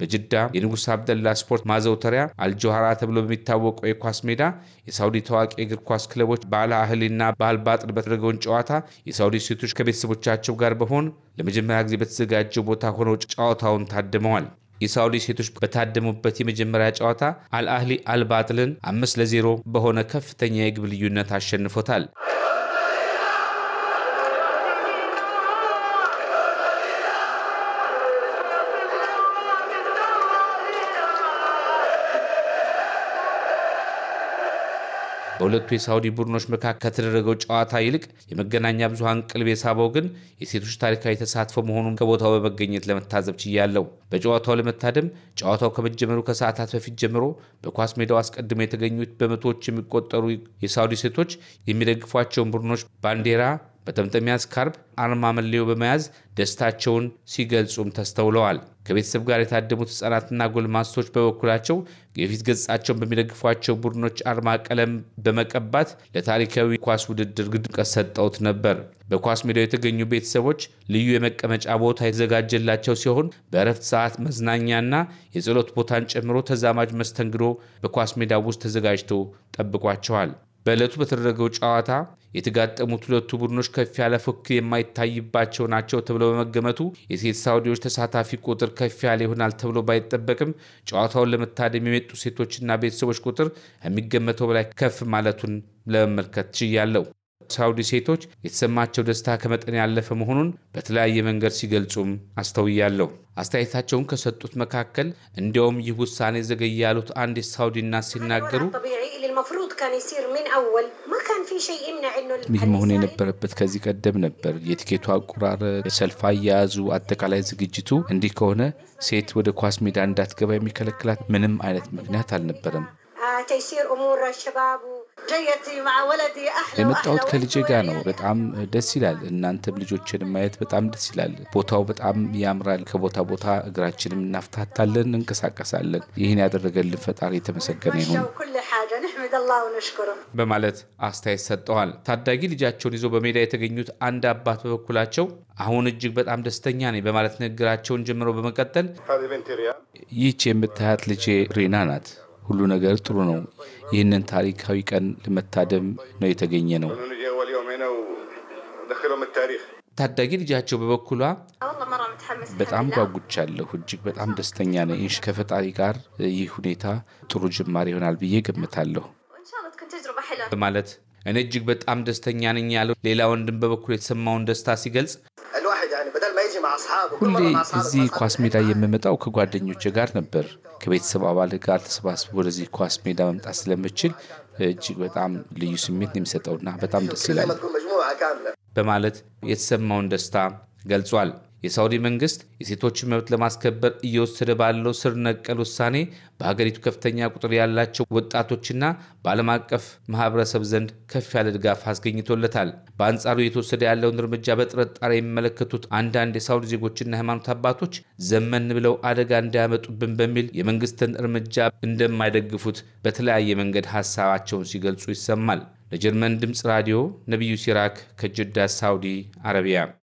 በጅዳ የንጉሥ አብደላ ስፖርት ማዘውተሪያ አልጆሃራ ተብሎ በሚታወቀው የኳስ ሜዳ የሳውዲ ታዋቂ የእግር ኳስ ክለቦች ባለ አህሊና ባህል ባጥን በተደረገውን ጨዋታ የሳውዲ ሴቶች ከቤተሰቦቻቸው ጋር በሆን ለመጀመሪያ ጊዜ በተዘጋጀው ቦታ ሆነው ጨዋታውን ታድመዋል። የሳውዲ ሴቶች በታደሙበት የመጀመሪያ ጨዋታ አልአህሊ አልባጥልን አምስት ለዜሮ በሆነ ከፍተኛ የግብ ልዩነት አሸንፎታል። በሁለቱ የሳውዲ ቡድኖች መካከል ከተደረገው ጨዋታ ይልቅ የመገናኛ ብዙሀን ቅልብ የሳበው ግን የሴቶች ታሪካዊ ተሳትፎ መሆኑን ከቦታው በመገኘት ለመታዘብ ችያለው። በጨዋታው ለመታደም ጨዋታው ከመጀመሩ ከሰዓታት በፊት ጀምሮ በኳስ ሜዳው አስቀድሞ የተገኙት በመቶዎች የሚቆጠሩ የሳውዲ ሴቶች የሚደግፏቸውን ቡድኖች ባንዲራ በጠምጠሚያ ስካርፕ አርማ መለዮ በመያዝ ደስታቸውን ሲገልጹም ተስተውለዋል። ከቤተሰብ ጋር የታደሙት ህጻናትና ጎልማሶች በበኩላቸው የፊት ገጻቸውን በሚደግፏቸው ቡድኖች አርማ ቀለም በመቀባት ለታሪካዊ ኳስ ውድድር ድምቀት ሰጠውት ነበር። በኳስ ሜዳው የተገኙ ቤተሰቦች ልዩ የመቀመጫ ቦታ የተዘጋጀላቸው ሲሆን በእረፍት ሰዓት መዝናኛና የጸሎት ቦታን ጨምሮ ተዛማጅ መስተንግዶ በኳስ ሜዳ ውስጥ ተዘጋጅቶ ጠብቋቸዋል። በዕለቱ በተደረገው ጨዋታ የተጋጠሙት ሁለቱ ቡድኖች ከፍ ያለ ፉክክር የማይታይባቸው ናቸው ተብሎ በመገመቱ የሴት ሳውዲዎች ተሳታፊ ቁጥር ከፍ ያለ ይሆናል ተብሎ ባይጠበቅም ጨዋታውን ለመታደም የመጡ ሴቶችና ቤተሰቦች ቁጥር ከሚገመተው በላይ ከፍ ማለቱን ለመመልከት ችያለው። ሳውዲ ሴቶች የተሰማቸው ደስታ ከመጠን ያለፈ መሆኑን በተለያየ መንገድ ሲገልጹም አስተውያለሁ። አስተያየታቸውን ከሰጡት መካከል እንዲያውም ይህ ውሳኔ ዘገየ ያሉት አንዲት ሳውዲ እናት ሲናገሩ ይህ መሆን የነበረበት ከዚህ ቀደም ነበር። የትኬቱ አቆራረጥ፣ ሰልፍ አያያዙ፣ አጠቃላይ ዝግጅቱ እንዲህ ከሆነ ሴት ወደ ኳስ ሜዳ እንዳትገባ የሚከለክላት ምንም አይነት ምክንያት አልነበረም። የመጣሁት ከልጄ ጋር ነው። በጣም ደስ ይላል። እናንተም ልጆችን ማየት በጣም ደስ ይላል። ቦታው በጣም ያምራል። ከቦታ ቦታ እግራችንም እናፍታታለን፣ እንቀሳቀሳለን። ይህን ያደረገልን ፈጣሪ የተመሰገነ ይሁን። በማለት አስተያየት ሰጠዋል። ታዳጊ ልጃቸውን ይዞ በሜዳ የተገኙት አንድ አባት በበኩላቸው አሁን እጅግ በጣም ደስተኛ ነኝ በማለት ንግግራቸውን ጀምሮ በመቀጠል ይህች የምታያት ልጄ ሬና ናት። ሁሉ ነገር ጥሩ ነው። ይህንን ታሪካዊ ቀን ለመታደም ነው የተገኘ ነው። ታዳጊ ልጃቸው በበኩሏ በጣም ጓጉቻለሁ። እጅግ በጣም ደስተኛ ነኝ። ከፈጣሪ ጋር ይህ ሁኔታ ጥሩ ጅማሬ ይሆናል ብዬ ገምታለሁ በማለት እኔ እጅግ በጣም ደስተኛ ነኝ ያለው ሌላ ወንድም በበኩል የተሰማውን ደስታ ሲገልጽ ሁሌ እዚህ ኳስ ሜዳ የምመጣው ከጓደኞቼ ጋር ነበር። ከቤተሰብ አባል ጋር ተሰባስቦ ወደዚህ ኳስ ሜዳ መምጣት ስለምችል እጅግ በጣም ልዩ ስሜት ነው የሚሰጠውና በጣም ደስ ይላል በማለት የተሰማውን ደስታ ገልጿል። የሳውዲ መንግስት የሴቶችን መብት ለማስከበር እየወሰደ ባለው ስር ነቀል ውሳኔ በሀገሪቱ ከፍተኛ ቁጥር ያላቸው ወጣቶችና በዓለም አቀፍ ማህበረሰብ ዘንድ ከፍ ያለ ድጋፍ አስገኝቶለታል። በአንጻሩ የተወሰደ ያለውን እርምጃ በጥርጣሬ የሚመለከቱት አንዳንድ የሳውዲ ዜጎችና ሃይማኖት አባቶች ዘመን ብለው አደጋ እንዳያመጡብን በሚል የመንግስትን እርምጃ እንደማይደግፉት በተለያየ መንገድ ሀሳባቸውን ሲገልጹ ይሰማል። ለጀርመን ድምፅ ራዲዮ ነቢዩ ሲራክ ከጅዳ ሳውዲ አረቢያ